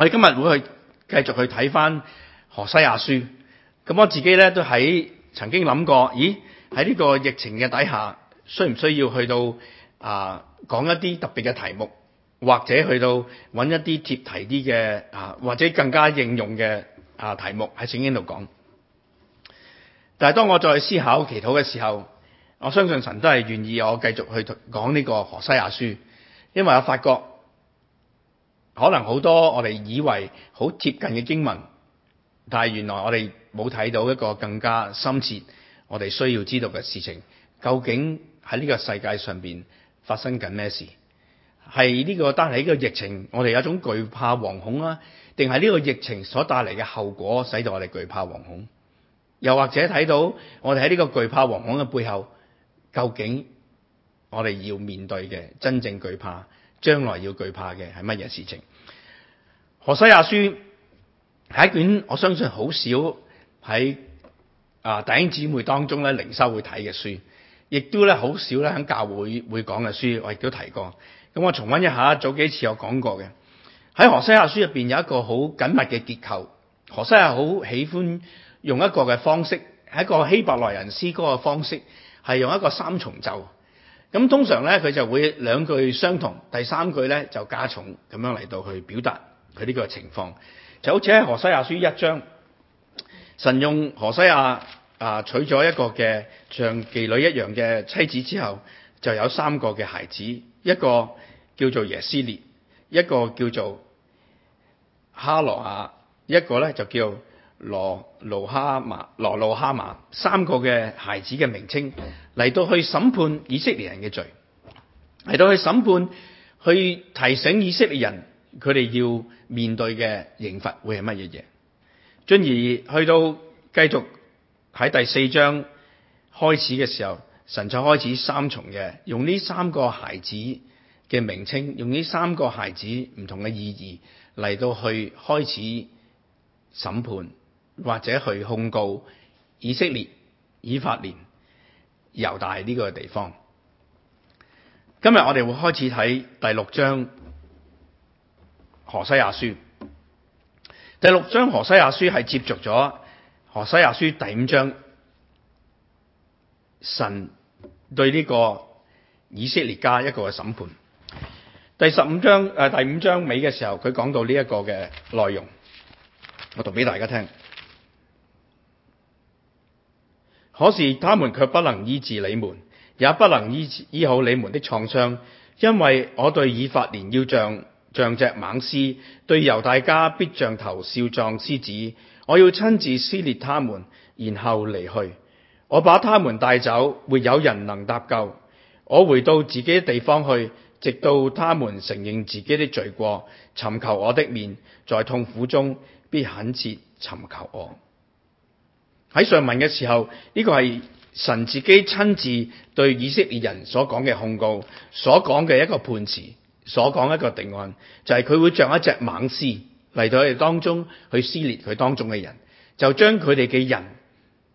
我哋今日會去繼續去睇翻何西亞書，咁我自己咧都喺曾經諗過，咦？喺呢個疫情嘅底下，需唔需要去到啊講一啲特別嘅題目，或者去到搵一啲貼題啲嘅啊，或者更加應用嘅啊題目喺聖經度講？但係當我再思考祈禱嘅時候，我相信神都係願意我繼續去講呢個何西亞書，因為我發覺。可能好多我哋以為好貼近嘅經文，但係原來我哋冇睇到一個更加深切，我哋需要知道嘅事情，究竟喺呢個世界上邊發生緊咩事？係呢、這個單係呢個疫情，我哋有種懼怕惶恐啊？定係呢個疫情所帶嚟嘅後果，使到我哋懼怕惶恐？又或者睇到我哋喺呢個懼怕惶恐嘅背後，究竟我哋要面對嘅真正懼怕？將來要懼怕嘅係乜嘢事情？何西亞書係一卷我相信好少喺啊弟兄姊妹當中咧靈修會睇嘅書，亦都咧好少咧喺教會會講嘅書。我亦都提過，咁我重溫一下早幾次我講過嘅，喺何西亞書入邊有一個好緊密嘅結構。何西亞好喜歡用一個嘅方式，喺一個希伯來人詩歌嘅方式，係用一個三重奏。咁通常咧，佢就會兩句相同，第三句咧就加重咁樣嚟到去表達佢呢個情況，就好似喺《何西亞書》一章，神用何西亞啊娶咗一個嘅像妓女一樣嘅妻子之後，就有三個嘅孩子，一個叫做耶斯列，一個叫做哈羅亞，一個咧就叫，羅路哈馬、羅路哈馬，三個嘅孩子嘅名稱嚟到去審判以色列人嘅罪，嚟到去審判，去提醒以色列人佢哋要面對嘅刑罰會係乜嘢嘢，進而去到繼續喺第四章開始嘅時候，神就開始三重嘅，用呢三個孩子嘅名稱，用呢三個孩子唔同嘅意義嚟到去開始審判。或者去控告以色列、以法蓮猶大呢個地方。今日我哋會開始睇第六章《何西亞書》。第六章《何西亞書》係接觸咗《何西亞書》第五章神對呢個以色列家一個嘅審判。第十五章誒，第五章尾嘅時候，佢講到呢一個嘅內容，我讀俾大家聽。可是他們卻不能醫治你們，也不能醫治醫好你們的創傷，因為我對以法蓮要像像隻猛獅，對猶大家必像頭少壯獅子，我要親自撕裂他們，然後離去。我把他們帶走，沒有人能搭救。我回到自己的地方去，直到他們承認自己的罪過，尋求我的面，在痛苦中必懇切尋求我。喺上文嘅時候，呢、這個係神自己親自對以色列人所講嘅控告，所講嘅一個判詞，所講一個定案，就係、是、佢會像一隻猛獅嚟到佢哋當中去撕裂佢當中嘅人，就將佢哋嘅人，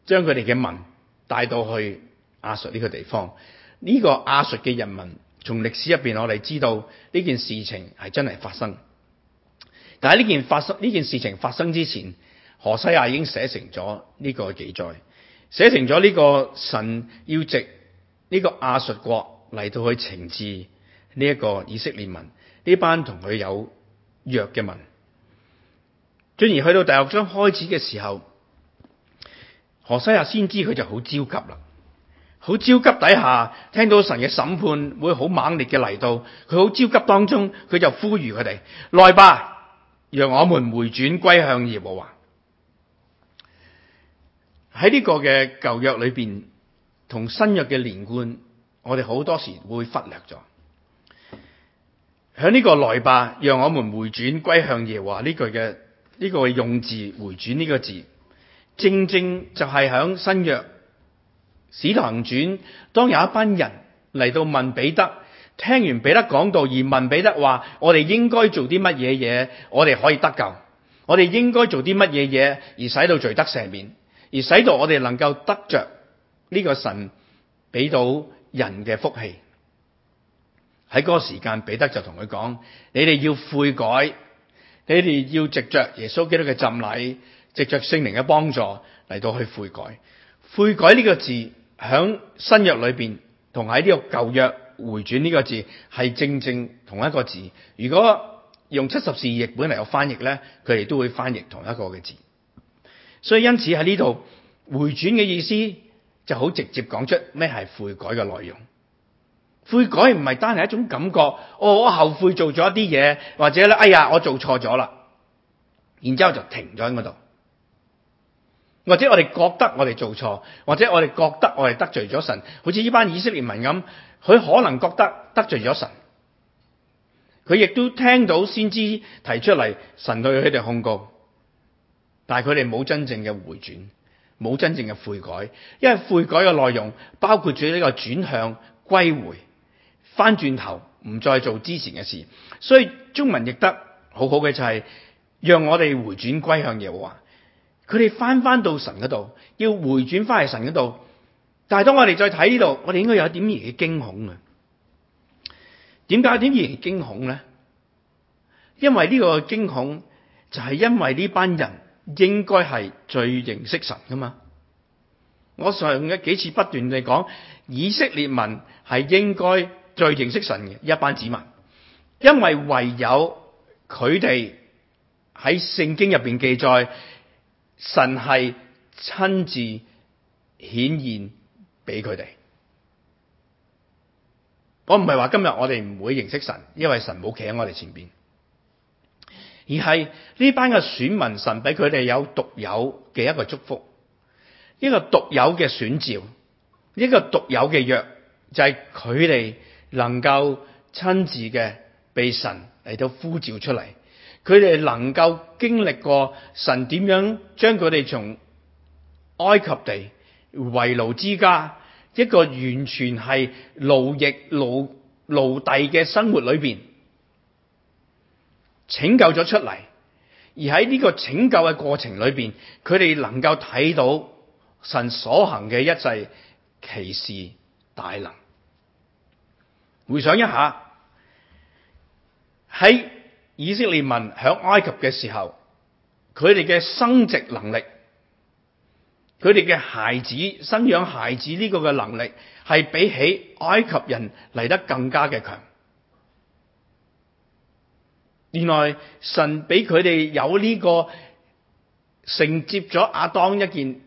將佢哋嘅民帶到去亞述呢個地方。呢、這個亞述嘅人民，從歷史入邊我哋知道呢件事情係真係發生。但喺呢件發生呢件事情發生之前。何西亞已經寫成咗呢個記載，寫成咗呢個神要藉呢個亞述國嚟到去懲治呢一個以色列民，呢班同佢有約嘅民。進而去到第六章開始嘅時候，何西亞先知佢就好焦急啦，好焦急底下聽到神嘅審判會好猛烈嘅嚟到，佢好焦急當中佢就呼籲佢哋來吧，讓我們回轉歸向耶和華。喺呢個嘅舊約裏邊，同新約嘅連貫，我哋好多時會忽略咗。喺呢個來吧，讓我們回轉歸向耶華呢句嘅呢個用字回轉呢個字，正正就係響新約使徒行傳，當有一班人嚟到問彼得，聽完彼得講道而問彼得話：我哋應該做啲乜嘢嘢？我哋可以得救。我哋應該做啲乜嘢嘢而使到罪得赦免？而使到我哋能夠得着呢個神俾到人嘅福氣，喺嗰個時間，彼得就同佢講：你哋要悔改，你哋要藉着耶穌基督嘅浸禮，藉着聖靈嘅幫助嚟到去悔改。悔改呢個字，響新約裏邊同喺呢個舊約回轉呢個字係正正同一個字。如果用七十士譯本嚟有翻譯咧，佢哋都會翻譯同一個嘅字。所以因此喺呢度回轉嘅意思就好直接講出咩係悔改嘅內容。悔改唔係單係一種感覺，哦，我後悔做咗一啲嘢，或者咧，哎呀，我做錯咗啦，然之後就停咗喺嗰度。或者我哋覺得我哋做錯，或者我哋覺得我哋得罪咗神，好似呢班以色列民咁，佢可能覺得得罪咗神，佢亦都聽到先知提出嚟神對佢哋控告。但係佢哋冇真正嘅回轉，冇真正嘅悔改，因為悔改嘅內容包括住呢個轉向歸回，翻轉頭唔再做之前嘅事。所以中文譯得好好嘅就係讓我哋回轉歸向耶和華，佢哋翻翻到神嗰度，要回轉翻去神嗰度。但係當我哋再睇呢度，我哋應該有一點而嘅驚恐啊！點解有點而驚恐咧？因為呢個驚恐就係因為呢班人。應該係最認識神㗎嘛？我上嘅幾次不斷地講，以色列民係應該最認識神嘅一班子民，因為唯有佢哋喺聖經入邊記載，神係親自顯現俾佢哋。我唔係話今日我哋唔會認識神，因為神冇企喺我哋前邊。而係呢班嘅選民，神俾佢哋有獨有嘅一個祝福，一個獨有嘅選召，一個獨有嘅約，就係佢哋能夠親自嘅被神嚟到呼召出嚟，佢哋能夠經歷過神點樣將佢哋從埃及地為奴之家，一個完全係奴役奴奴隸嘅生活裏邊。拯救咗出嚟，而喺呢個拯救嘅過程裏邊，佢哋能夠睇到神所行嘅一切奇事大能。回想一下，喺以色列民響埃及嘅時候，佢哋嘅生殖能力，佢哋嘅孩子生養孩子呢個嘅能力，係比起埃及人嚟得更加嘅強。原來神俾佢哋有呢、這個承接咗亞當一件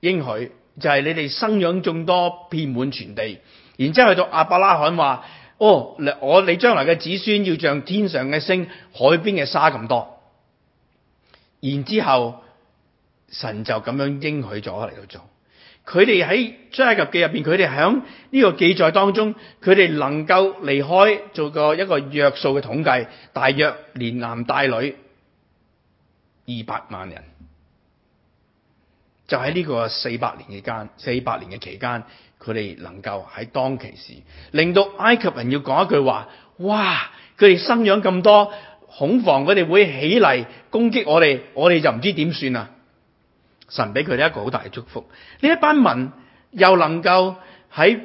應許，就係、是、你哋生養眾多，遍滿全地。然之後去到亞伯拉罕話：哦，我你將來嘅子孫要像天上嘅星、海邊嘅沙咁多。然之後神就咁樣應許咗嚟到做。佢哋喺《出埃及記》入邊，佢哋喺呢個記載當中，佢哋能夠離開，做過一個約數嘅統計，大約連男帶女二百萬人，就喺呢個四百年嘅間，四百年嘅期間，佢哋能夠喺當其時，令到埃及人要講一句話：哇！佢哋生養咁多，恐防佢哋會起嚟攻擊我哋，我哋就唔知點算啦。神俾佢哋一個好大嘅祝福，呢一班民又能夠喺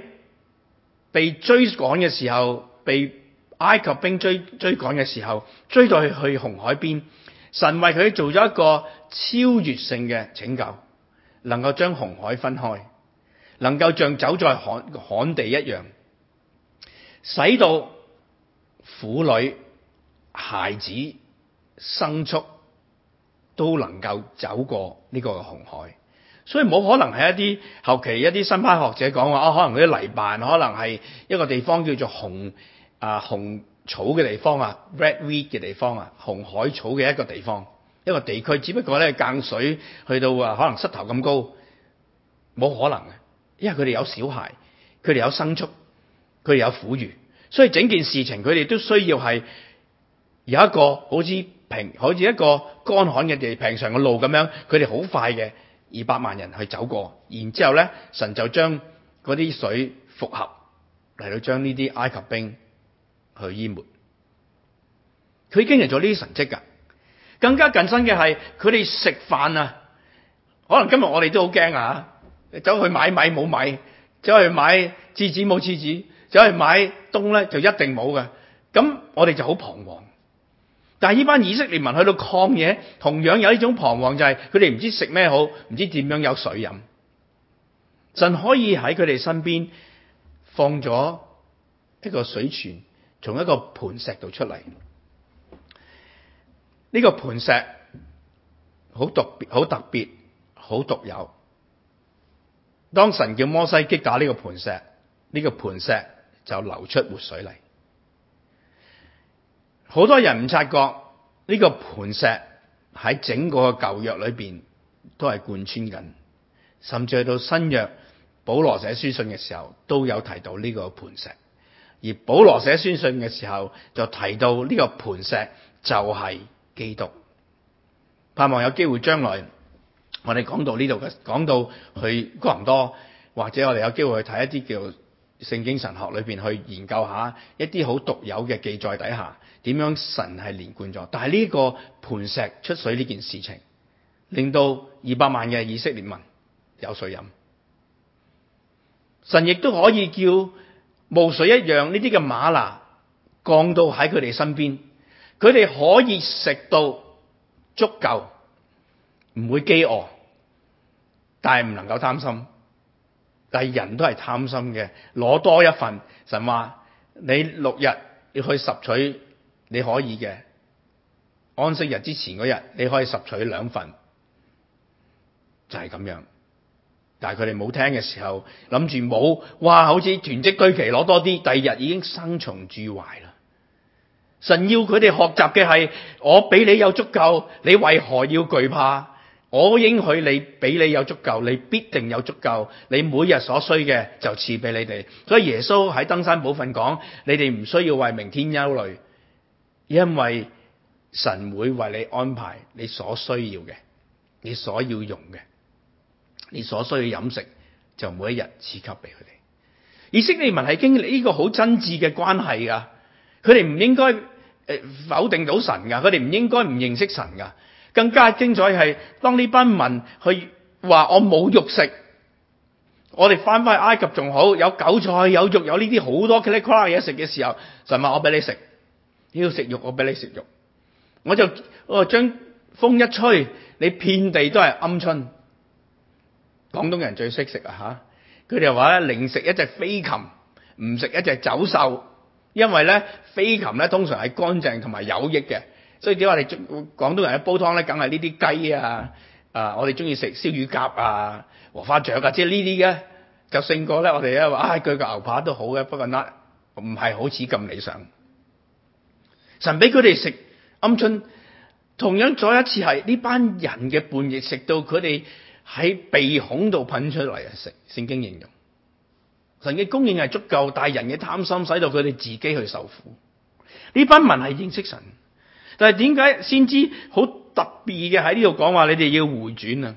被追趕嘅時候，被埃及兵追追趕嘅時候，追到去去紅海邊，神為佢做咗一個超越性嘅拯救，能夠將紅海分開，能夠像走在旱旱地一樣，使到婦女孩子牲畜。都能夠走過呢個紅海，所以冇可能係一啲後期一啲新派學者講話啊，可能佢啲泥辦，可能係一個地方叫做紅啊紅草嘅地方啊，red weed 嘅地方啊，紅海草嘅一個地方，一個地區，只不過咧降水去到啊可能膝頭咁高，冇可能嘅。因為佢哋有小孩，佢哋有牲畜，佢哋有腐魚，所以整件事情佢哋都需要係有一個好似。好似一個乾旱嘅地，平常嘅路咁樣，佢哋好快嘅二百萬人去走過，然之後咧神就將嗰啲水復合嚟到將呢啲埃及兵去淹沒。佢經歷咗呢啲神蹟噶，更加近身嘅係佢哋食飯啊，可能今日我哋都好驚啊！走去買米冇米，走去買廁紙冇廁紙，走去買冬咧就一定冇嘅，咁我哋就好彷徨。但係呢班以色列民去到曠野，同樣有一種彷徨，就係佢哋唔知食咩好，唔知點樣有水飲。神可以喺佢哋身邊放咗一個水泉，從一個磐石度出嚟。呢、呢個磐石好特別，好特別，好獨有。當神叫摩西擊打呢個磐石，呢、呢個磐石就流出活水嚟。好多人唔察覺呢個磐石喺整個舊約裏邊都係貫穿緊，甚至去到新約，保羅寫書信嘅時候都有提到呢個磐石。而保羅寫書信嘅時候就提到呢個磐石就係基督。盼望有機會將來我哋講到呢度嘅，講到去哥林多，或者我哋有機會去睇一啲叫，聖經神學裏邊去研究一下一啲好獨有嘅記載底下，點樣神係連貫咗？但係呢個磐石出水呢件事情，令到二百萬嘅以色列民有水飲。神亦都可以叫霧水一樣呢啲嘅嗎哪降到喺佢哋身邊，佢哋可以食到足夠，唔會饑餓，但係唔能夠貪心。但係人都係貪心嘅，攞多一份。神話你六日要去拾取，你可以嘅安息日之前嗰日，你可以拾取兩份，就係咁樣。但係佢哋冇聽嘅時候，諗住冇，哇，好似囤積居奇攞多啲，第二日已經生蟲蛀壞啦。神要佢哋學習嘅係，我俾你有足夠，你為何要懼怕？我應許你，俾你有足夠，你必定有足夠。你每日所需嘅，就賜俾你哋。所以耶穌喺登山寶訓講，你哋唔需要為明天憂慮，因為神會為你安排你所需要嘅，你所要用嘅，你所需要飲食，就每一日賜給俾佢哋。而以色列民係經歷呢個好真摯嘅關係噶，佢哋唔應該誒，否定到神噶，佢哋唔應該唔認識神噶。更加精彩係，當呢班民去話我冇肉食，我哋返返埃及仲好，有韭菜、有肉、有呢啲好多茄喱塊嘢食嘅時候，神話我俾你食，要吃你要食肉，我俾你食肉，我就我就將風一吹，你遍地都係鵪鶉。廣東人最識食啊吓，佢哋話咧，寧食一隻飛禽，唔食一隻走獸，因為咧飛禽咧通常係乾淨同埋有益嘅。所以點解我哋廣東人喺煲湯咧，梗係呢啲雞啊，啊，我哋中意食燒乳鴿啊、和花雀啊，即係呢啲嘅就勝過咧。我哋啊話，唉，鋸個牛扒都好嘅，不過嗱，唔係好似咁理想。神俾佢哋食鵪鶉，同樣再一次係呢班人嘅半夜食到佢哋喺鼻孔度噴出嚟啊！聖聖經形容神嘅供應係足夠，大人嘅貪心，使到佢哋自己去受苦。呢班民係認識神。但係點解先知好特別嘅，喺呢度講話你哋要回轉啊？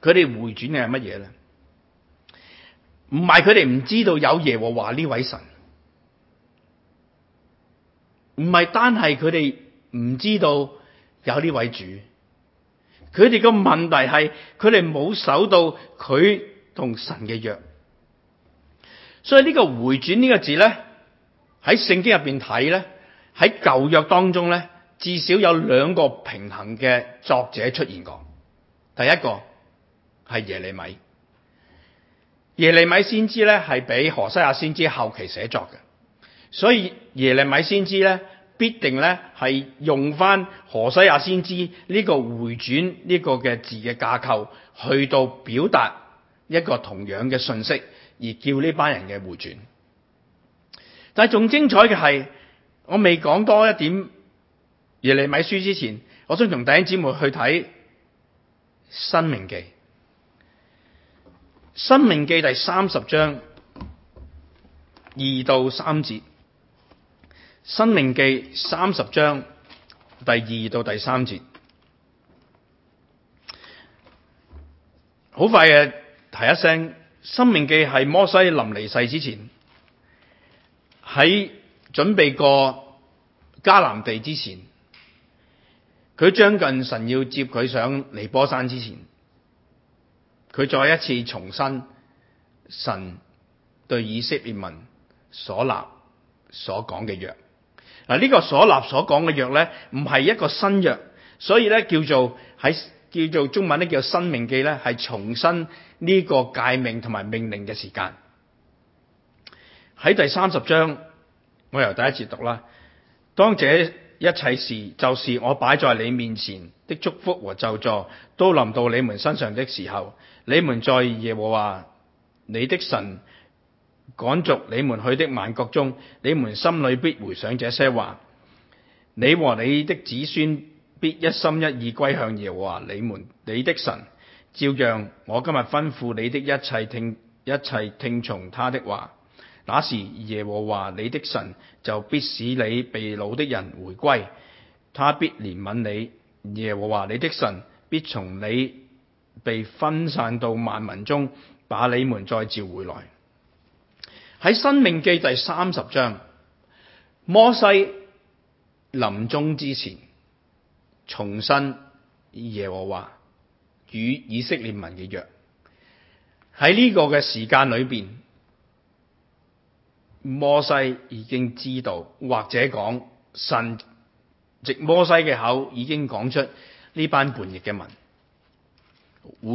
佢哋回轉嘅係乜嘢咧？唔係佢哋唔知道有耶和華呢位神，唔係單係佢哋唔知道有呢位主，佢哋個問題係佢哋冇守到佢同神嘅約，所以呢個回轉呢個字咧喺聖經入邊睇咧。喺舊約當中咧，至少有兩個平衡嘅作者出現過。第一個係耶利米，耶利米先知咧係比何西亞先知後期寫作嘅，所以耶利米先知咧必定咧係用翻何西亞先知呢個回轉呢個嘅字嘅架構，去到表達一個同樣嘅信息，而叫呢班人嘅回轉。但係仲精彩嘅係。我未講多一點，耶利米書，之前我想同弟兄姊妹去睇《申命記》。《申命記》第三十章二到三節，《申命記》三十章第二到第三節，好快嘅提一聲，《申命記》係摩西臨離世之前喺。在準備過迦南地之前，佢將近神要接佢上尼波山之前，佢再一次重申神對以色列民所立所講嘅約。嗱，呢個所立所講嘅約咧，唔係一個新約，所以咧叫做喺叫做中文咧叫申命記咧，係重申呢個戒命同埋命令嘅時間。喺第三十章。我由第一次讀啦。當這一切事，就是我擺在你面前的祝福和咒詛，都臨到你們身上的時候，你們在耶和華你的神趕逐你們去的萬國中，你們心裏必回想這些話。你和你的子孫必一心一意歸向耶和華你們你的神。照樣，我今日吩咐你的一切聽，一切聽從他的話。那時耶和華你的神就必使你被擄的人回歸，他必憐憫你，耶和華你的神必從你被分散到萬民中，把你們再召回來。喺《申命記》第三十章，摩西臨終之前，重申耶和華與以色列民嘅約。喺呢個嘅時間裏邊。摩西已經知道，或者講神藉摩西嘅口已經講出呢班叛逆嘅民，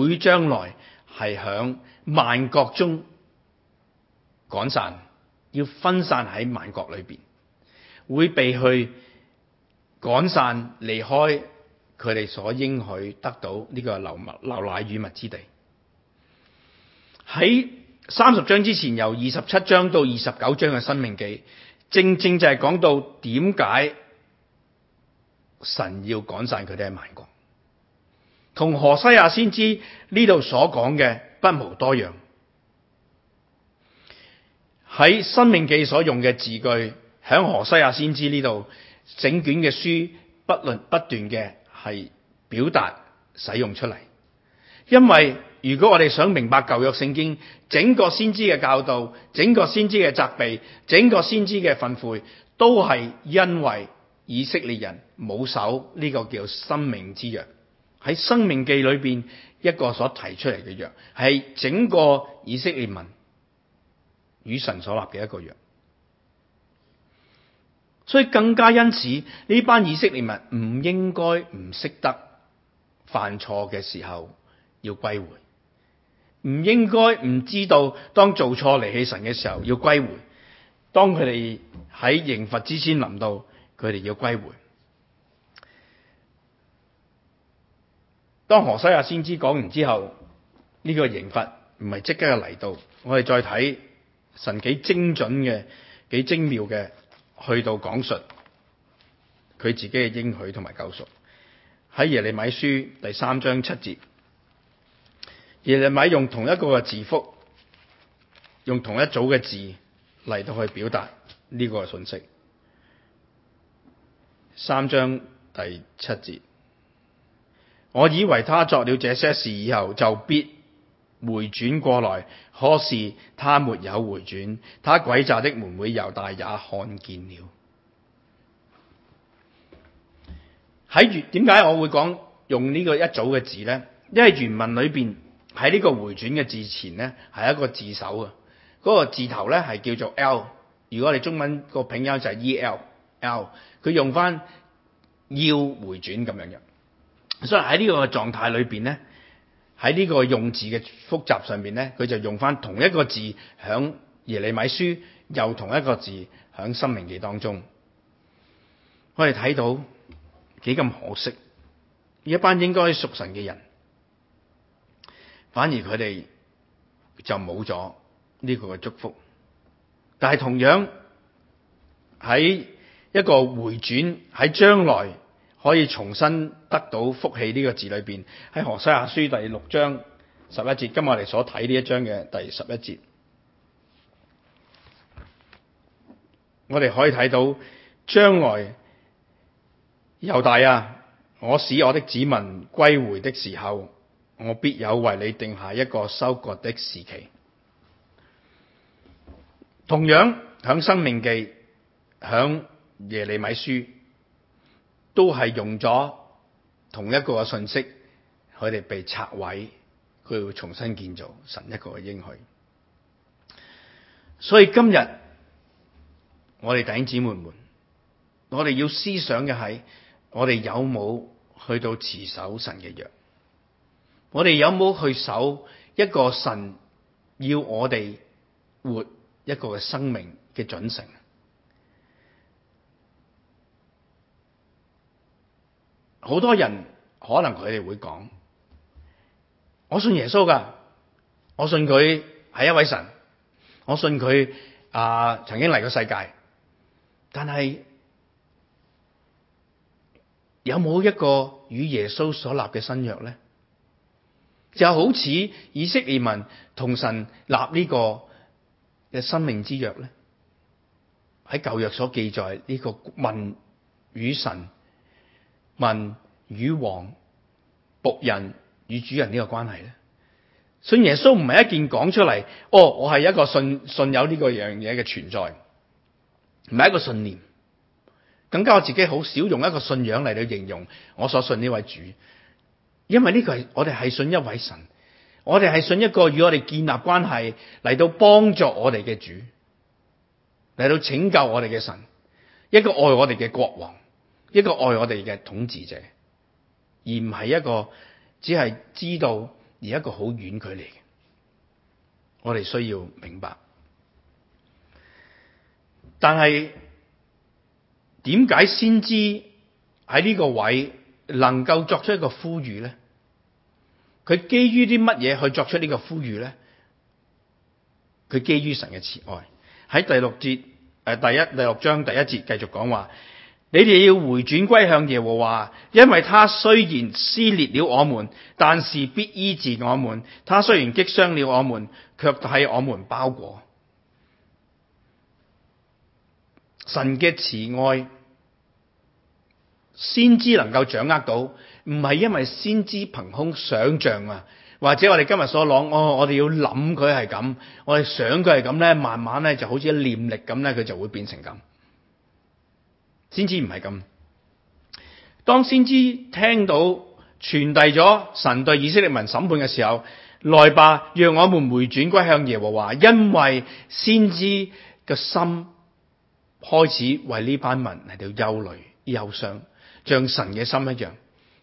會將來係響萬國中趕散，要分散喺萬國裏邊，會被去趕散離開佢哋所應許得到呢個流奶與蜜之地，喺。三十章之前，由二十七章到二十九章嘅《申命記》，正正就係講到點解神要趕散佢哋喺外國。同何西亞先知呢度所講嘅不無多樣。喺《申命記》所用嘅字句，響何西亞先知呢度整卷嘅書不，不論不斷嘅係表達使用出嚟，因為。如果我哋想明白舊約聖經整個先知嘅教導，整個先知嘅責備，整個先知嘅訓誨，都係因為以色列人冇守呢個叫生命之約。喺《生命記》裏邊一個所提出嚟嘅約，係整個以色列民與神所立嘅一個約。所以更加因此呢班以色列民唔應該唔識得犯錯嘅時候要歸回。唔應該唔知道，當做錯離棄神嘅時候要歸回；當佢哋喺刑罰之先臨到，佢哋要歸回。當何西亞先知講完之後，呢、這個刑罰唔係即刻嚟到，我哋再睇神幾精準嘅、幾精妙嘅去到講述佢自己嘅應許同埋救贖。喺耶利米書第三章七節。你咪用同一個字幅，用同一組嘅字嚟到去表達呢個信息。三章第七節，我以為他作了這些事以後就必回轉過來，可是他沒有回轉，他詭詐的妹妹猶大也看見了。喺點解我會講用呢個一組嘅字呢？因為原文裏邊。喺呢個回轉嘅字前咧，係一個字首啊！嗰個字頭咧係叫做 L，如果你中文個拼音就係 E L L，佢用翻要回轉咁樣樣，所以喺呢個狀態裏邊咧，喺呢個用字嘅複雜上面咧，佢就用翻同一個字響耶利米書，又同一個字響《申命記》當中，我哋睇到幾咁可惜，一班應該是屬神嘅人。反而佢哋就冇咗呢個嘅祝福，但係同樣喺一個回轉喺將來可以重新得到福氣呢個字裏邊，喺何西亞書第六章十一節，今日我哋所睇呢一章嘅第十一節，我哋可以睇到將來猶大啊，我使我的子民歸回的時候。我必有為你定下一個收割的時期。同樣響《在生命記》響耶利米書，都係用咗同一個嘅信息，佢哋被拆毀，佢會重新建造神一個嘅應許。所以今日我哋弟兄姊妹們，我哋要思想嘅係我哋有冇去到持守神嘅約？我哋有冇去守一個神要我哋活一個嘅生命嘅準繩？好多人可能佢哋會講：我信耶穌噶，我信佢係一位神，我信佢啊曾經嚟過世界。但係有冇一個與耶穌所立嘅新約咧？就好似以色列民同神立呢個嘅生命之約咧，喺舊約所記載呢個民與神、民與王、僕人與主人呢個關係咧，信耶穌唔係一件講出嚟，哦，我係一個信信有呢個樣嘢嘅存在，唔係一個信念，更加我自己好少用一個信仰嚟到形容我所信呢位主。因為呢個係我哋係信一位神，我哋係信一個與我哋建立關係嚟到幫助我哋嘅主，嚟到拯救我哋嘅神，一個愛我哋嘅國王，一個愛我哋嘅統治者，而唔係一個只係知道而一個好遠距離嘅，我哋需要明白。但係點解先知喺呢個位能夠作出一個呼籲咧？佢基於啲乜嘢，去作出呢個呼籲呢？佢基於神嘅慈愛。喺第六節誒，第一第六章第一節繼續講話：你哋要回轉歸向耶和華，因為他雖然撕裂了我們，但是必醫治我們；他雖然擊傷了我們，卻替我們包裹。神嘅慈愛，先知能夠掌握到。唔係因為先知憑空想象啊，或者我哋今日所講，哦，我哋要諗佢係咁，我哋想佢係咁咧，慢慢咧就好似念力咁咧，佢就會變成咁。先知唔係咁，當先知聽到傳遞咗神對以色列民審判嘅時候，來吧，讓我們回轉歸向耶和華，因為先知嘅心開始為呢班民嚟到憂慮憂傷，像神嘅心一樣。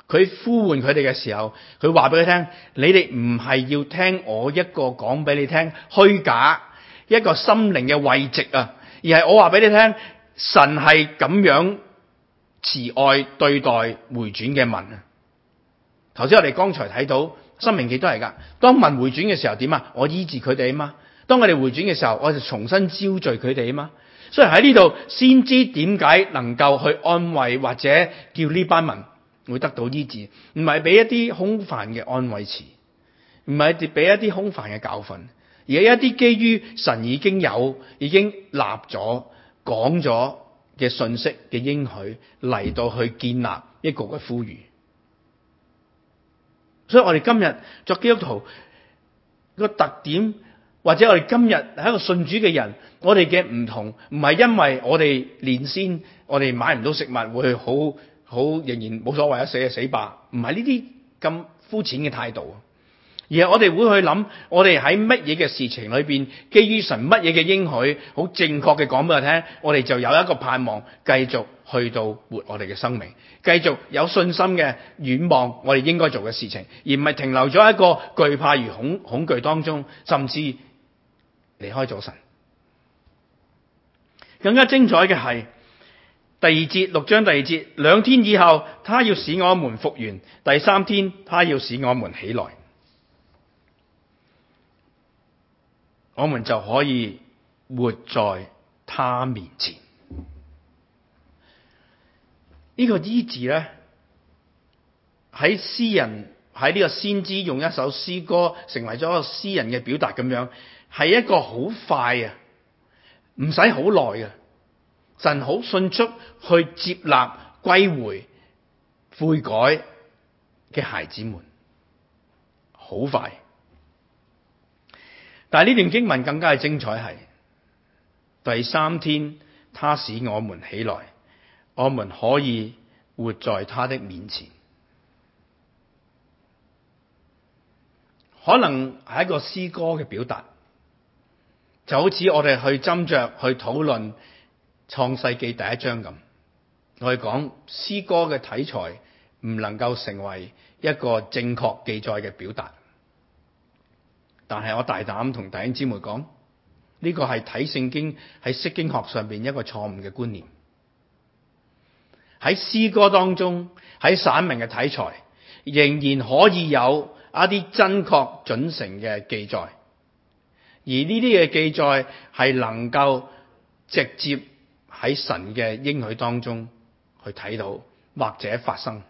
佢呼喚佢哋嘅時候，佢話俾佢聽，你哋唔係要聽我一個講俾你聽虛假一個心靈嘅慰藉啊，而係我話俾你聽，神係咁樣慈愛對待回轉嘅民啊。頭先我哋剛才睇到《申命記》都係噶，當民回轉嘅時候點啊？我醫治佢哋啊嘛。當佢哋回轉嘅時候，我就重新招聚佢哋啊嘛。所以喺呢度先知點解能夠去安慰或者叫呢班民。會得到醫治，唔係俾一啲空泛嘅安慰詞，唔係俾一啲空泛嘅教訓，而係一啲基於神已經有、已經立咗、講咗嘅信息嘅應許嚟到去建立一個嘅呼籲。所以我哋今日作基督徒個特點，或者我哋今日係一個信主嘅人，我哋嘅唔同，唔係因為我哋連先，我哋買唔到食物會好。好，仍然冇所謂啊，死就死吧，唔係呢啲咁膚淺嘅態度，而係我哋會去諗，我哋喺乜嘢嘅事情裏邊，基於神乜嘢嘅應許，好正確嘅講俾我聽，我哋就有一個盼望，繼續去到活我哋嘅生命，繼續有信心嘅遠望我哋應該做嘅事情，而唔係停留咗一個懼怕與恐恐懼當中，甚至離開咗神。更加精彩嘅係。第二節六章第二節，兩天以後，他要使我們復原；第三天，他要使我們起來，我們就可以活在他面前。這個、呢個醫字咧，喺詩人喺呢個先知用一首詩歌，成為咗一個詩人嘅表達咁樣，係一個好快啊，唔使好耐嘅。神好迅速去接納歸回悔改嘅孩子們，好快。但係呢段經文更加係精彩係，第三天他使我們起來，我們可以活在他的面前。可能係一個詩歌嘅表達，就好似我哋去斟酌去討論。創世記第一章咁，我哋講詩歌嘅題材唔能夠成為一個正確記載嘅表達，但係我大膽同弟兄姊妹講，呢、呢個係睇聖經喺釋經學上面一個錯誤嘅觀念。喺詩歌當中，喺散文嘅題材仍然可以有一啲真確準繩嘅記載，而呢啲嘅記載係能夠直接。喺神嘅應許當中去睇到或者發生，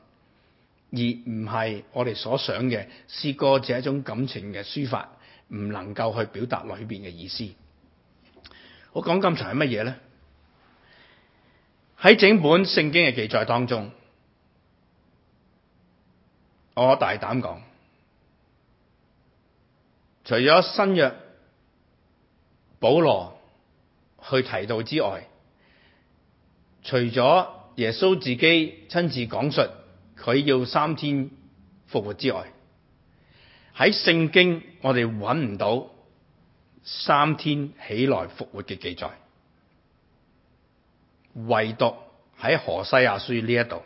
而唔係我哋所想嘅詩歌這種感情嘅抒發，唔能夠去表達裏邊嘅意思。我講咁長係乜嘢咧？喺整本聖經嘅記載當中，我大膽講，除咗新約保羅去提到之外。除咗耶穌自己親自講述佢要三天復活之外，喺聖經我哋揾唔到三天起來復活嘅記載，唯獨喺何西亞書呢一度。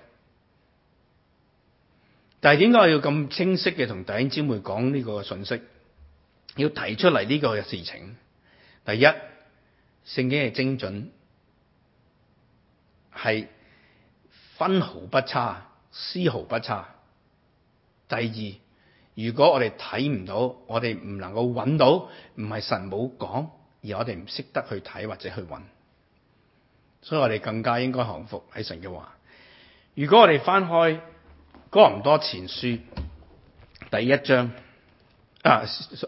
但係點解我要咁清晰嘅同弟兄姊妹講呢個信息，要提出嚟呢個嘅事情？第一，聖經係精準。係分毫不差，絲毫不差。第二，如果我哋睇唔到，我哋唔能夠揾到，唔係神冇講，而我哋唔識得去睇或者去揾，所以我哋更加應該降服喺神嘅話。如果我哋翻開哥林多前書第一章，啊，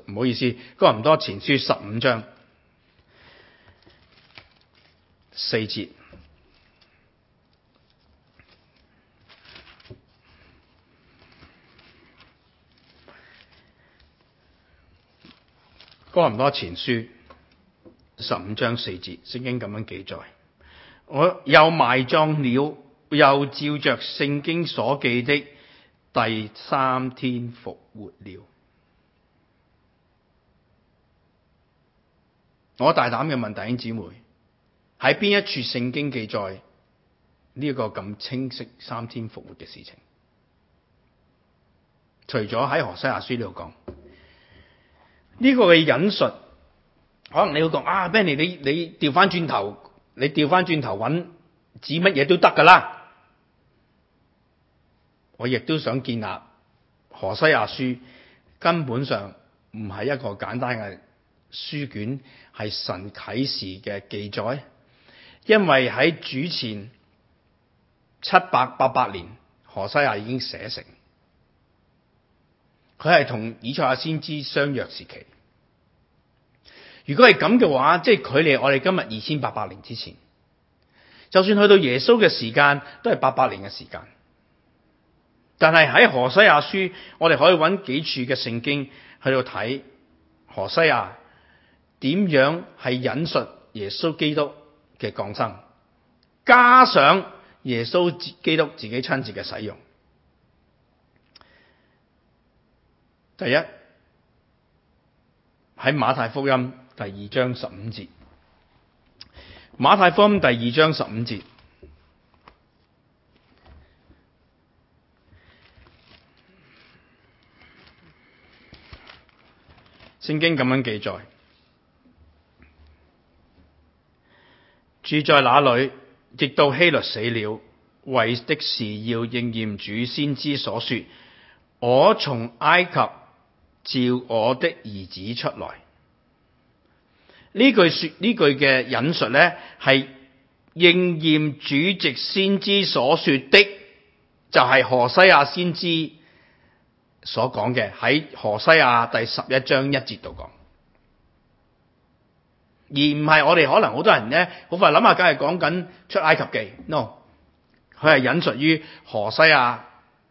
唔好意思，哥林多前書十五章四節。《哥林多前書》十五章四節，聖經咁樣記載：我又埋葬了，又照着聖經所記的第三天復活了。我大膽嘅問弟兄姊妹，喺邊一處聖經記載呢、這個咁清晰三天復活嘅事情？除咗喺《何西亞書》呢度講。呢、這個嘅引述可能你會講啊，Benny 你你調翻轉頭，你調翻轉頭揾指乜嘢都得噶啦。我亦都想建立何西亞書，根本上唔係一個簡單嘅書卷，係神啟示嘅記載。因為喺主前七八八八年，何西亞已經寫成，佢係同以賽亞先知相約時期。如果係咁嘅話，即係距離我哋今日二千八百年之前，就算去到耶穌嘅時間都係八百年嘅時間。但係喺何西亞書，我哋可以揾幾處嘅聖經去到睇何西亞，點樣係引述耶穌基督嘅降生，加上耶穌基督自己親自嘅使用。第一喺馬太福音。第二章十五節，馬太福音第二章十五節，聖經咁樣記載：住在那裏，直到希律死了，為的是要應驗主先知所說：我從埃及召我的兒子出來。呢句說呢句嘅引述咧，係應驗主席先知所說的，就係、是、何西亞先知所講嘅，喺何西亞第十一章一節度講，而唔係我哋可能好多人咧，好快諗下，梗係講緊出埃及記。no，佢係引述於何西亞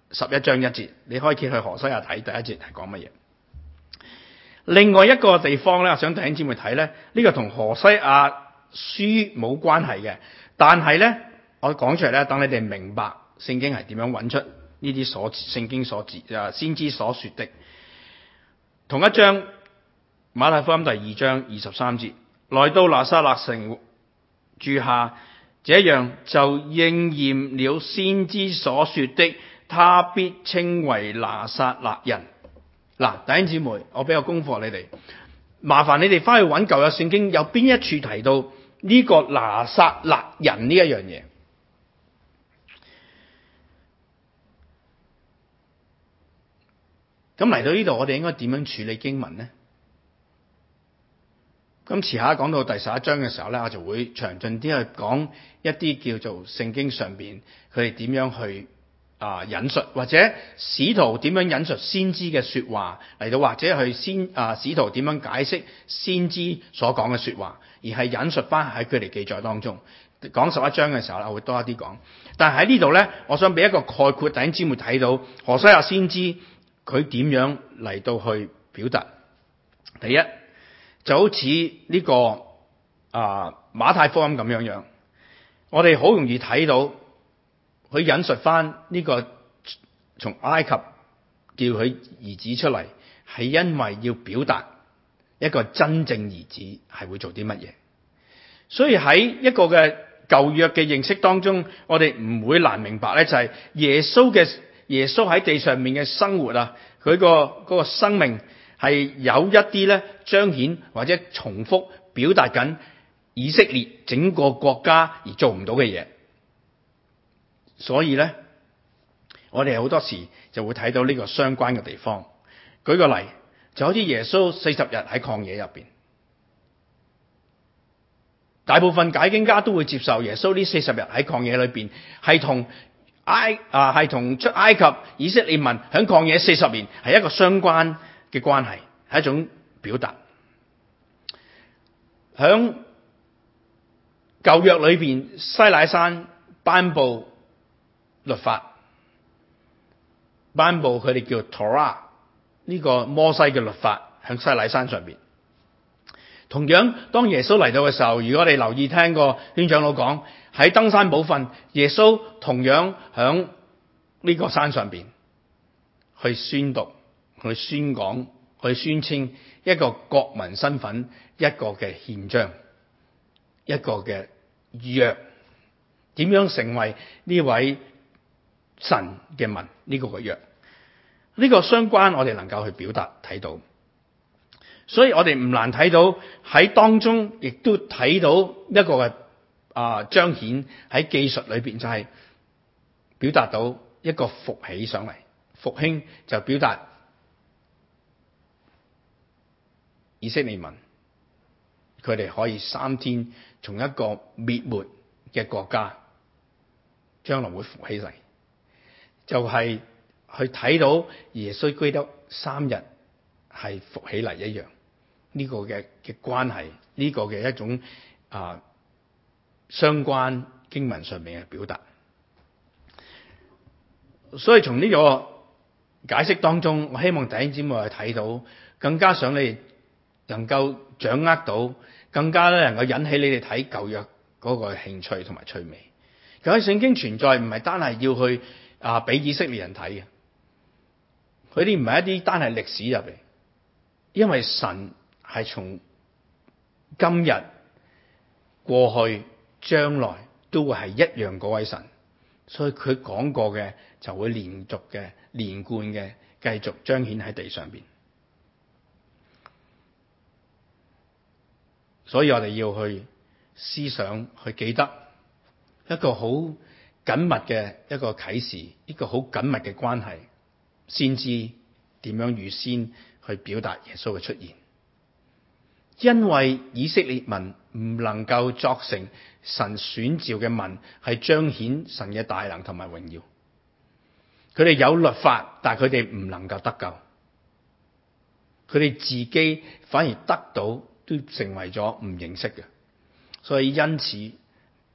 十一章一節，你可以去何西亞睇第一節係講乜嘢。另外一個地方咧，我想弟兄姊妹睇咧，呢個同何西亞書冇關係嘅。但係咧，我講出嚟咧，等你哋明白聖經係點樣揾出呢啲所聖經所指啊先知所說的，同一章馬太福音第二章二十三節，來到拿撒勒勒城住下，這樣就應驗了先知所說的，他必稱為拿撒勒人。嗱，弟兄姊妹，我俾個功課你哋，麻煩你哋翻去揾舊約聖經，有邊一處提到呢個拿撒勒人呢一樣嘢？咁嚟到呢度，我哋應該點樣處理經文呢？咁遲下講到第十一章嘅時候咧，我就會詳盡啲去講一啲叫做聖經上邊，佢哋點樣去。啊，引述或者使徒點樣引述先知嘅說話，嚟到，或者去先啊，使徒點樣解釋先知所講嘅說話，而係引述翻喺佢哋記載當中講。十一章嘅時候咧，我會多一啲講，但係喺呢度咧，我想俾一個概括，弟兄姊妹睇到何西亞先知佢點樣嚟到去表達。第一就好似呢、這個啊馬太福音咁樣樣，我哋好容易睇到。佢引述翻呢個從埃及叫佢兒子出嚟，係因為要表達一個真正兒子係會做啲乜嘢。所以喺一個嘅舊約嘅認識當中，我哋唔會難明白咧，就係耶穌嘅耶穌喺地上面嘅生活啊，佢個嗰個生命係有一啲咧彰顯或者重複表達緊以色列整個國家而做唔到嘅嘢。所以咧，我哋好多時就會睇到呢個相關嘅地方。舉個例，就好似耶穌四十日喺曠野入邊，大部分解經家都會接受耶穌呢四十日喺曠野裏邊係同埃啊係同出埃及，啊，埃及以色列民響曠野四十年係一個相關嘅關係，係一種表達。響舊約裏邊，西乃山頒布。律法頒布，佢哋叫 Torah 呢個摩西嘅律法，喺西奈山上邊。同樣當耶穌嚟到嘅時候，如果你留意聽過尊長老講喺登山寶訓，耶穌同樣響呢個山上邊去宣讀、去宣講、去宣稱一個國民身份、一個嘅憲章、一個嘅約，點樣成為呢位？神嘅民呢、這個個約，呢、這個相關我哋能夠去表達睇到，所以我哋唔難睇到喺當中亦都睇到一個嘅啊、呃、彰顯喺記述裏邊就係表達到一個復起上嚟，復興就表達以色列民，佢哋可以三天從一個滅沒嘅國家，將來會復起嚟。就係、是、去睇到耶穌歸得三日係復起嚟一樣呢、這個嘅嘅關係呢、這個嘅一種啊相關經文上面嘅表達，所以從呢個解釋當中，我希望弟兄姊妹係睇到，更加想你哋能夠掌握到，更加咧能夠引起你哋睇舊約嗰個興趣同埋趣味。咁喺聖經存在唔係單係要去。啊！俾以色列人睇嘅，佢啲唔係一啲單係歷史入嚟，因為神係從今日、過去、將來都會係一樣嗰位神，所以佢講過嘅就會連續嘅連貫嘅繼續彰顯喺地上邊，所以我哋要去思想去記得一個好。緊密嘅一個啟示，一個好緊密嘅關係，先知點樣預先去表達耶穌嘅出現？因為以色列民唔能夠作成神選召嘅民，係彰顯神嘅大能同埋榮耀。佢哋有律法，但係佢哋唔能夠得救。佢哋自己反而得到都成為咗唔認識嘅，所以因此。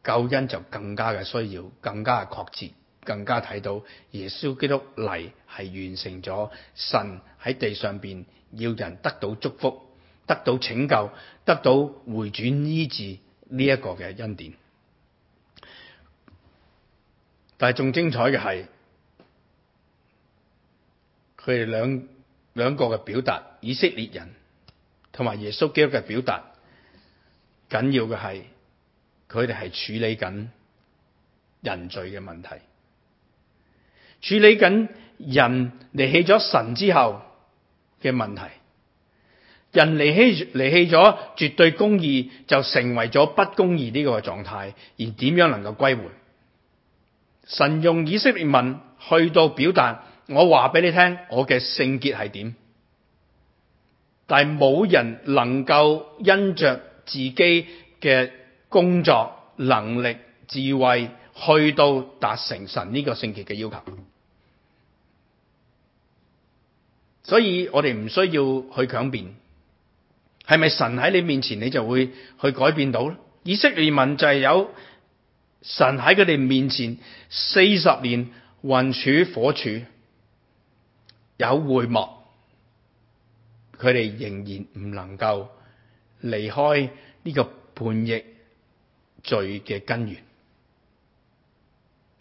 救恩就更加嘅需要，更加嘅確切，更加睇到耶穌基督嚟，係完成咗神喺地上邊要人得到祝福、得到拯救、得到回轉醫治呢一個嘅恩典。但係仲精彩嘅係佢哋兩兩個嘅表達，以色列人同埋耶穌基督嘅表達，緊要嘅係。佢哋係處理緊人罪嘅問題，處理緊人離棄咗神之後嘅問題。人離棄離棄咗絕對公義，就成為咗不公義呢個狀態。而點樣能夠歸回？神用以色列民去到表達，我話俾你聽，我嘅聖潔係點。但係冇人能夠因着自己嘅，工作能力、智慧，去到達成神呢個聖潔嘅要求，所以我哋唔需要去強辯，係咪神喺你面前，你就會去改變到咧？以色列民就係有神喺佢哋面前四十年運柱、雲柱、火柱有會幕，佢哋仍然唔能夠離開呢個叛逆。罪嘅根源，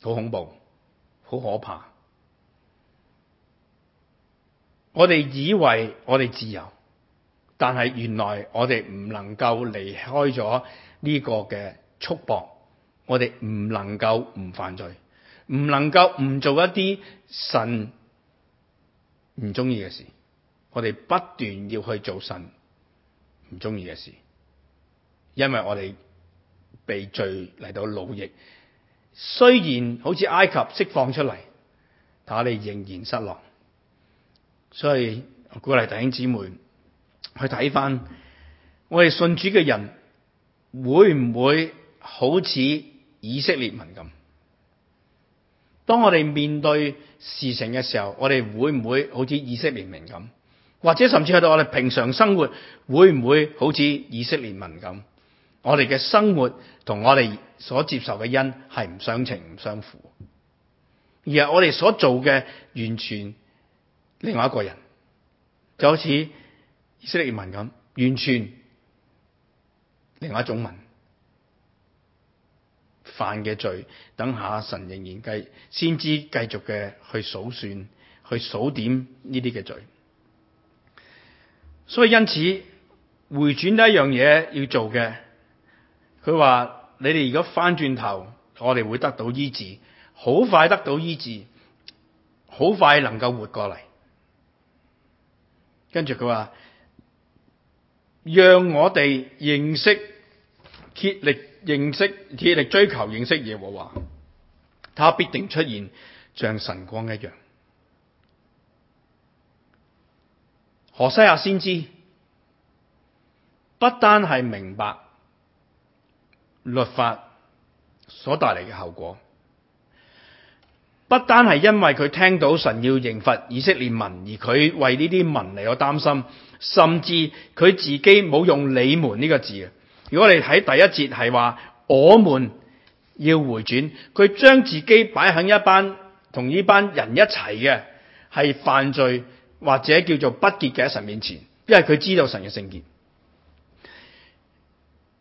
好恐怖，好可怕。我哋以為我哋自由，但係原來我哋唔能夠離開咗呢個嘅束縛，我哋唔能夠唔犯罪，唔能夠唔做一啲神唔中意嘅事，我哋不斷要去做神唔中意嘅事，因為我哋。被罪嚟到奴役，雖然好似埃及釋放出嚟，但係我哋仍然失落。所以我鼓勵弟兄姊妹去睇翻，我哋信主嘅人會唔會好似以色列民咁？當我哋面對事情嘅時候，我哋會唔會好似以色列民咁？或者甚至去到我哋平常生活，會唔會好似以色列民咁？我哋嘅生活同我哋所接受嘅恩係唔相稱、唔相符，而係我哋所做嘅完全另外一個人，就好似以色列民咁，完全另外一種民犯嘅罪，等下神仍然繼先知繼續嘅去數算，去數點呢啲嘅罪，所以因此回轉呢一樣嘢要做嘅。佢話：你哋如果返轉頭，我哋會得到醫治，好快得到醫治，好快能夠活過嚟。跟住佢話：讓我哋認識竭力，認識竭力追求認識耶和華，他必定出現，像神光一樣。何西亞先知不單係明白。律法所帶嚟嘅後果，不單係因為佢聽到神要刑罰以色列民，而佢為呢啲民嚟有擔心，甚至佢自己冇用你們呢個字。如果你睇第一節係話我們要回轉，佢將自己擺喺一班同呢班人一齊嘅，係犯罪或者叫做不潔嘅喺神面前，因為佢知道神嘅聖潔。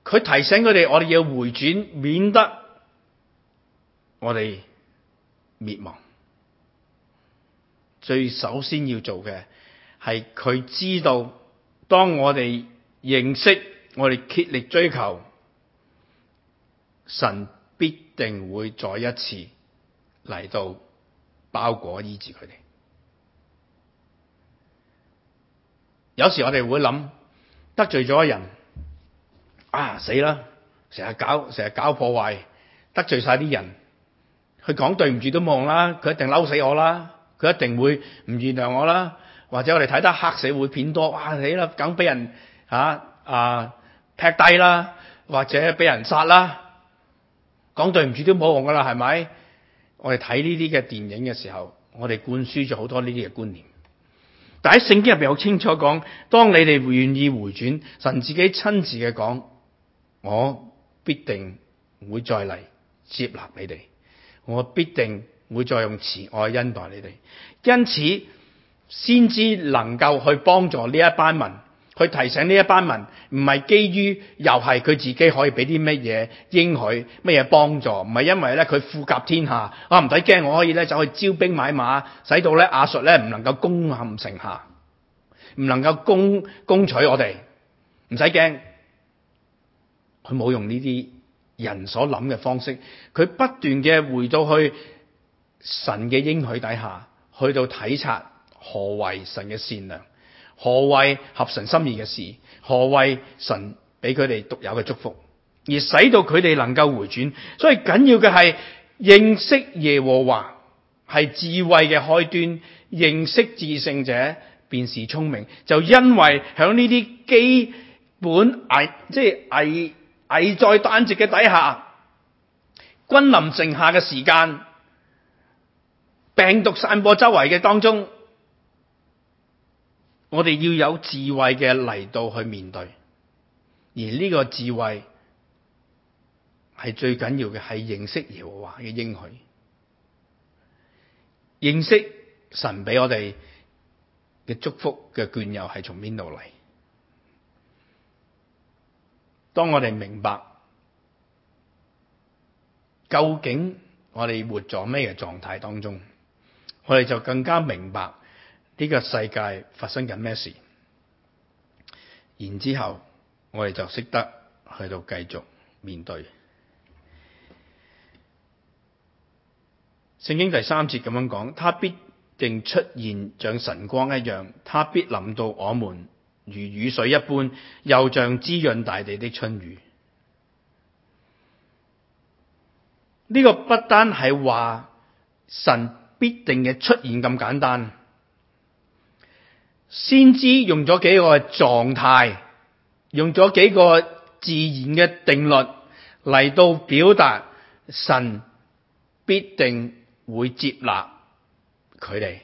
佢提醒佢哋，我哋要回轉，免得我哋滅亡。最首先要做嘅係佢知道，當我哋認識，我哋竭力追求，神必定會再一次嚟到，包裹醫治佢哋。有時我哋會諗得罪咗人。啊，死啦！成日搞成日搞破壞，得罪晒啲人。佢講對唔住都冇用啦，佢一定嬲死我啦，佢一定會唔原諒我啦。或者我哋睇得黑社會片多，哇、啊、死啦，梗俾人嚇啊，啊，劈低啦，或者俾人殺啦。講對唔住都冇用噶啦，係咪？我哋睇呢啲嘅電影嘅時候，我哋灌輸咗好多呢啲嘅觀念。但喺聖經入邊好清楚講，當你哋願意回轉，神自己親自嘅講。我必定會再嚟,接納你哋，我必定會再用慈愛恩待你哋，因此先知能夠去幫助呢一班民，去提醒呢一班民，唔係基於又係佢自己可以俾啲乜嘢應許、乜嘢幫助，唔係因為咧佢富甲天下，啊唔使驚，我可以咧走去招兵買馬，使到咧亞述咧唔能夠攻陷城下，唔能夠攻攻取我哋，唔使驚。佢冇用呢啲人所諗嘅方式，佢不斷嘅回到去神嘅應許底下，去到體察何謂神嘅善良，何謂合神心意嘅事，何謂神俾佢哋獨有嘅祝福，而使到佢哋能夠回轉。所以緊要嘅係認識耶和華係智慧嘅開端，認識至聖者便是聰明。就因為響呢啲基本藝，即係藝。危在旦夕嘅底下，君臨城下嘅時間，病毒散播周圍嘅當中，我哋要有智慧嘅嚟到去面對而呢個智慧係最緊要嘅，係認識耶和華嘅應許，認識神俾我哋嘅祝福嘅眷佑係從邊度嚟？當我哋明白究竟我哋活咗咩嘅狀態當中，我哋就更加明白呢個世界發生緊咩事。然之後我哋就識得去到繼續面對。聖經第三節咁樣講，他必定出現像晨光一樣，他必臨到我們。如雨水一般，又像滋潤大地的春雨。呢個不單係話神必定嘅出現咁簡單，先知用咗幾個狀態，用咗幾個自然嘅定律嚟到表達神必定會接納佢哋。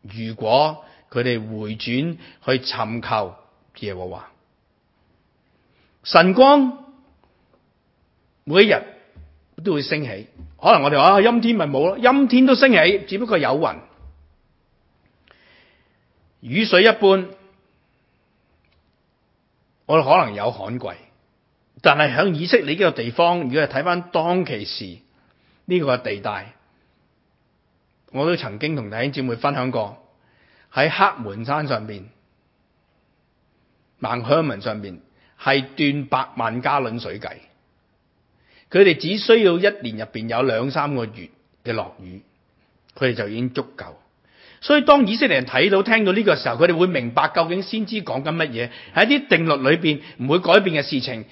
如果佢哋回轉去尋求耶和華，晨光每一日都會升起。可能我哋話啊，陰天咪冇咯，陰天都升起，只不過有雲，雨水一般。我哋可能有旱季，但係喺以色列呢個地方，如果係睇翻當其時呢個地帶，我都曾經同弟兄姊妹分享過。喺黑門山上邊，孟香門上邊係斷百萬加侖水計，佢哋只需要一年入邊有兩三個月嘅落雨，佢哋就已經足夠。所以當以色列人睇到，聽到呢個時候，佢哋會明白究竟先知講緊乜嘢喺啲定律裏邊唔會改變嘅事情，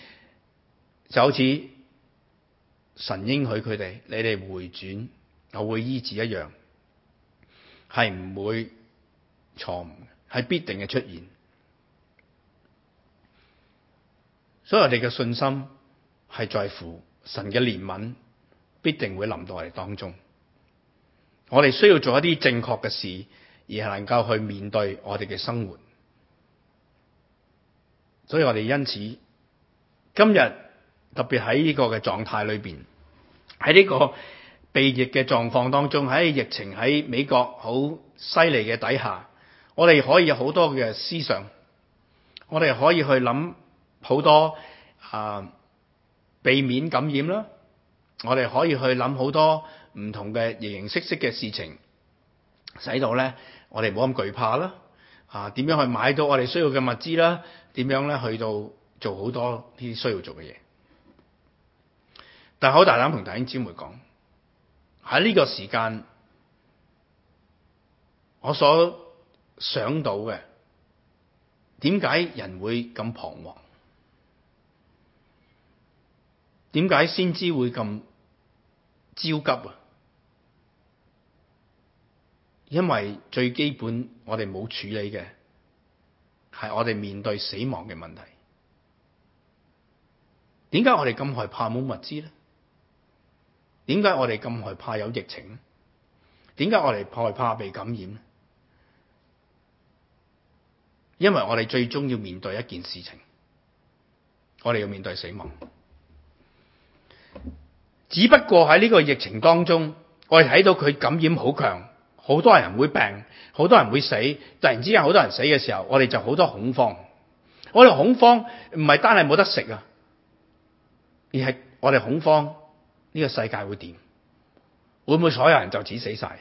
就好似神應許佢哋，你哋回轉我會醫治一樣，係唔會。錯誤係必定嘅出現，所以我哋嘅信心係在乎神嘅憐憫，必定會臨到我哋當中。我哋需要做一啲正確嘅事，而係能夠去面對我哋嘅生活。所以我哋因此今日特別喺呢個嘅狀態裏邊，喺呢個避疫嘅狀況當中，喺疫情喺美國好犀利嘅底下。我哋可以有好多嘅思想，我哋可以去諗好多啊，避免感染啦。我哋可以去諗好多唔同嘅形形色色嘅事情，使到咧我哋冇咁懼怕啦。啊，點樣去買到我哋需要嘅物資啦？點樣咧去到做好多呢啲需要做嘅嘢？但係好大膽同弟兄姊妹講，喺呢個時間，我所。想到嘅，點解人會咁彷徨？點解先知會咁焦急啊？因為最基本我哋冇處理嘅係我哋面對死亡嘅問題。點解我哋咁害怕冇物資呢？點解我哋咁害怕有疫情？點解我哋害怕被感染？因為我哋最終要面對一件事情，我哋要面對死亡。只不過喺呢個疫情當中，我哋睇到佢感染好強，好多人會病，好多人會死。突然之間，好多人死嘅時候，我哋就好多恐慌。我哋恐慌唔係單係冇得食啊，而係我哋恐慌呢個世界會點？會唔會所有人就只死晒？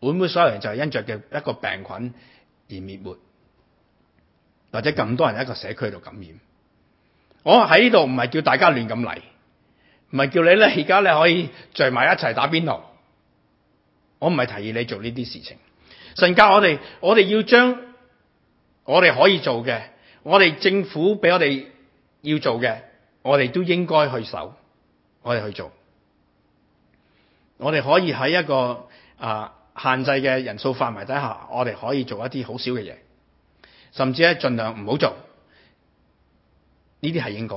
會唔會所有人就係因着嘅一個病菌而滅沒？或者咁多人喺一個社區度感染，我喺呢度唔係叫大家亂咁嚟，唔係叫你咧而家咧可以聚埋一齊打邊爐，我唔係提議你做呢啲事情。神教我哋，我哋要將我哋可以做嘅，我哋政府俾我哋要做嘅，我哋都應該去守，我哋去做。我哋可以喺一個啊限制嘅人數範圍底下，我哋可以做一啲好少嘅嘢。甚至咧，儘量唔好做，呢啲係應該。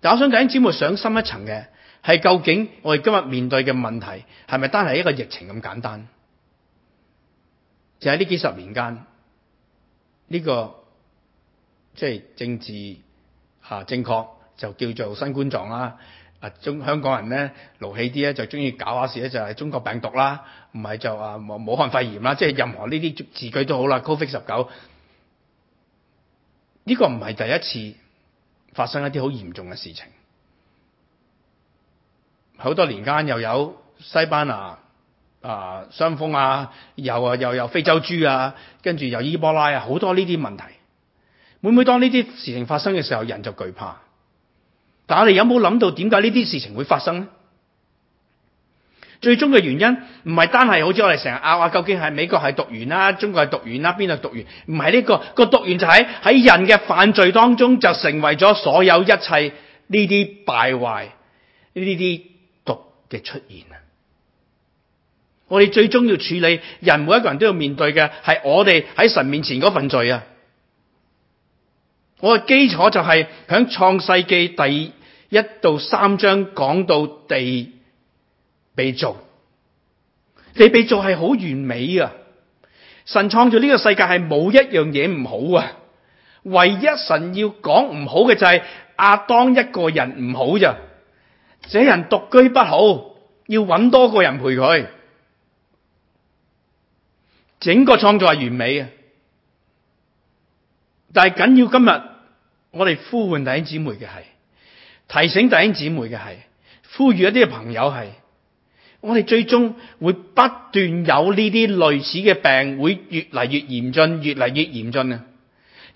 但我想請姊妹上深一層嘅，係究竟我哋今日面對嘅問題係咪單係一個疫情咁簡單？就喺呢幾十年間，呢個即係政治啊，正確就叫做新冠狀啦。啊中香港人咧，勞氣啲咧，就中意搞下事咧，就係中國病毒啦，唔係就啊武漢肺炎啦，即係任何呢啲字句都好啦，COVID-19。呢、這個唔係第一次發生一啲好嚴重嘅事情，好多年間又有西班牙啊、傷、呃、風啊，又啊又，又非洲豬啊，跟住又伊波拉啊，好多呢啲問題。每每當呢啲事情發生嘅時候，人就懼怕。但係我哋有冇諗到點解呢啲事情會發生呢？最終嘅原因唔係單係好似我哋成日拗啊，究竟係美國係讀完啦，中國係讀完啦，邊度讀完？唔係呢個個讀完，就喺喺人嘅犯罪當中就成為咗所有一切呢啲敗壞呢啲毒嘅出現啊！我哋最終要處理人每一個人都要面對嘅係我哋喺神面前嗰份罪啊！我嘅基礎就係喺創世記第一到三章講到地。被做，你被造係好完美啊！神創造呢個世界係冇一樣嘢唔好啊！唯一神要講唔好嘅就係阿當一個人唔好咋，這人獨居不好，要揾多個人陪佢。整個創造係完美啊！但係緊要今日，我哋呼喚弟兄姊妹嘅係提醒弟兄姊妹嘅係呼籲一啲嘅朋友係。我哋最終會不斷有呢啲類似嘅病，會越嚟越嚴峻，越嚟越嚴峻啊！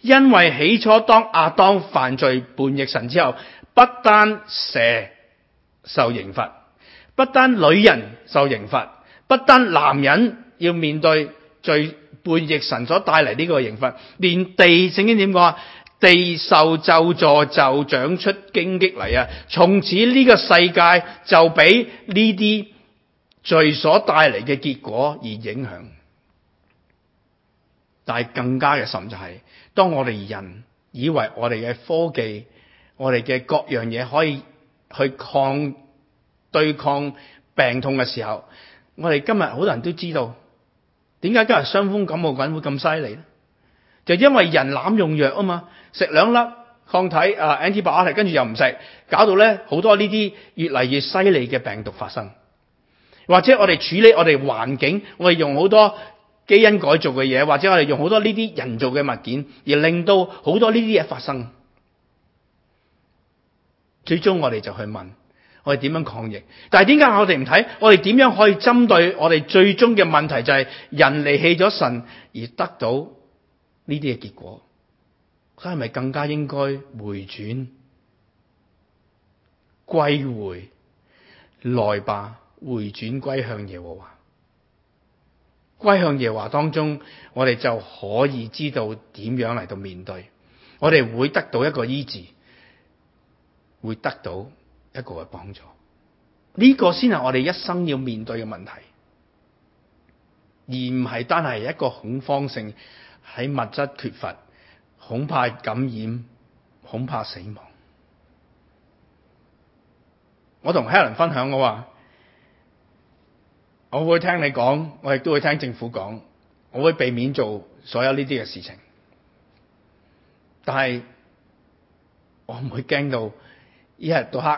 因為起初當亞當犯罪叛逆神之後，不單蛇受刑罰，不單女人受刑罰，不單男人要面對罪叛逆神所帶嚟呢個刑罰，連地聖經點講啊，地受咒詛就長出荊棘嚟啊！從此呢個世界就俾呢啲。罪所帶嚟嘅結果而影響，但係更加嘅甚就係、是，當我哋人以為我哋嘅科技，我哋嘅各樣嘢可以去抗對抗病痛嘅時候，我哋今日好多人都知道點解今日傷風感冒菌會咁犀利咧？就因為人濫用藥啊嘛，食兩粒抗體啊，anti body，跟住又唔食，搞到咧好多呢啲越嚟越犀利嘅病毒發生。或者我哋處理我哋環境，我哋用好多基因改造嘅嘢，或者我哋用好多呢啲人造嘅物件，而令到好多呢啲嘢發生。最終我哋就去問，我哋點樣抗疫？但係點解我哋唔睇？我哋點樣可以針對我哋最終嘅問題、就是，就係人離棄咗神而得到呢啲嘅結果？佢係咪更加應該回轉、歸回來吧？回轉歸向耶和華，歸向耶華當中，我哋就可以知道點樣嚟到面對，我哋會得到一個醫治，會得到一個嘅幫助。呢、這個先係我哋一生要面對嘅問題，而唔係單係一個恐慌性喺物質缺乏，恐怕感染，恐怕死亡。我同 Helen 分享嘅話。我會聽你講，我亦都會聽政府講，我會避免做所有呢啲嘅事情。但係我唔會驚到一日到黑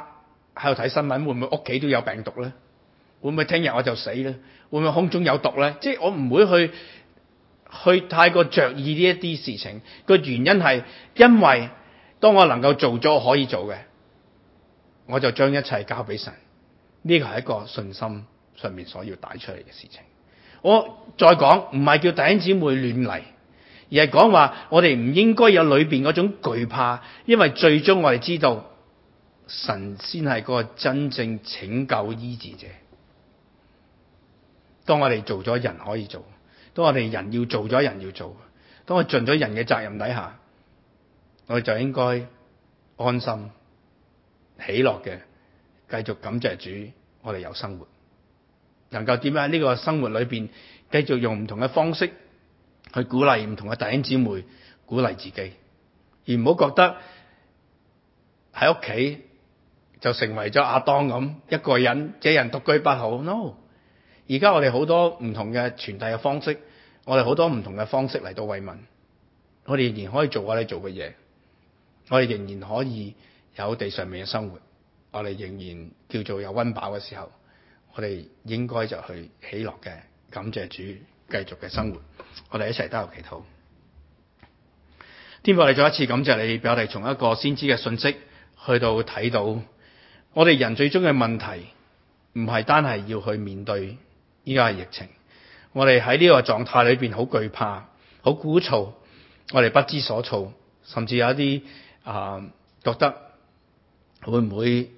喺度睇新聞，會唔會屋企都有病毒咧？會唔會聽日我就死咧？會唔會空中有毒咧？即係我唔會去去太過著意呢一啲事情。個原因係因為當我能夠做咗我可以做嘅，我就將一切交俾神。呢個係一個信心。上面所要帶出嚟嘅事情，我再講唔係叫弟兄姊妹亂嚟，而係講話我哋唔應該有裏邊嗰種懼怕，因為最終我哋知道神先係嗰個真正拯救醫治者。當我哋做咗人可以做，當我哋人要做咗人要做，當我盡咗人嘅責任底下，我哋就應該安心喜樂嘅繼續感謝主，我哋有生活。能夠點樣喺呢個生活裏邊，繼續用唔同嘅方式去鼓勵唔同嘅弟兄姊妹，鼓勵自己，而唔好覺得喺屋企就成為咗阿當咁一,一個人，一人獨居不好 No，而家我哋好多唔同嘅傳遞嘅方式，我哋好多唔同嘅方式嚟到慰問，我哋仍然可以做我哋做嘅嘢，我哋仍然可以有地上面嘅生活，我哋仍然叫做有溫飽嘅時候。我哋應該就去喜樂嘅，感謝主，繼續嘅生活。嗯、我哋一齊得有祈禱。天父，你再一次感謝你，俾我哋從一個先知嘅信息，去到睇到我哋人最終嘅問題，唔係單係要去面對依家嘅疫情。我哋喺呢個狀態裏邊好懼怕，好鼓噪，我哋不知所措，甚至有一啲啊、呃、覺得會唔會？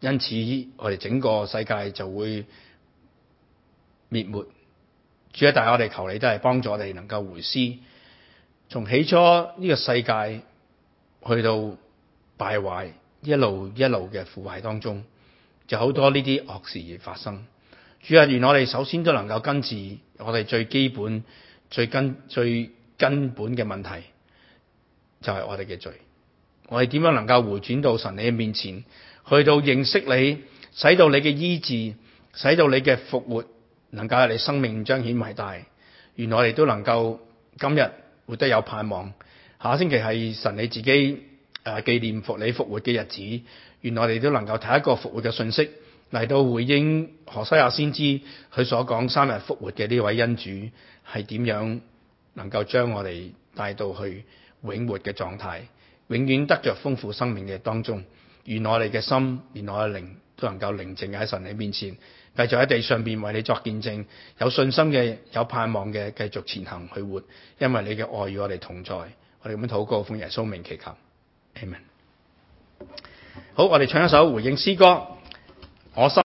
因此，我哋整個世界就會滅沒。主啊，但係我哋求你都係幫助我哋能夠回思，從起初呢個世界去到敗壞，一路一路嘅腐壞當中，就好多呢啲惡事而發生。主啊，願我哋首先都能夠根治我哋最基本、最根最根本嘅問題，就係我哋嘅罪。我哋點樣能夠回轉到神嘅面前？去到認識你，使到你嘅醫治，使到你嘅復活，能夠令你生命彰顯偉大。原來我哋都能夠今日活得有盼望。下星期係神你自己誒啊、紀念復你復活嘅日子。原來我哋都能夠睇一個復活嘅信息，嚟到回應何西亞先知佢所講三日復活嘅呢位恩主係點樣能夠將我哋帶到去永活嘅狀態，永遠得著豐富生命嘅當中。願我哋嘅心，願我嘅靈都能夠寧靜喺神你面前，繼續喺地上邊為你作見證。有信心嘅，有盼望嘅，繼續前行去活，因為你嘅愛與我哋同在。我哋咁禱告，奉耶穌名祈求，阿門。好，我哋唱一首回應詩歌。我心。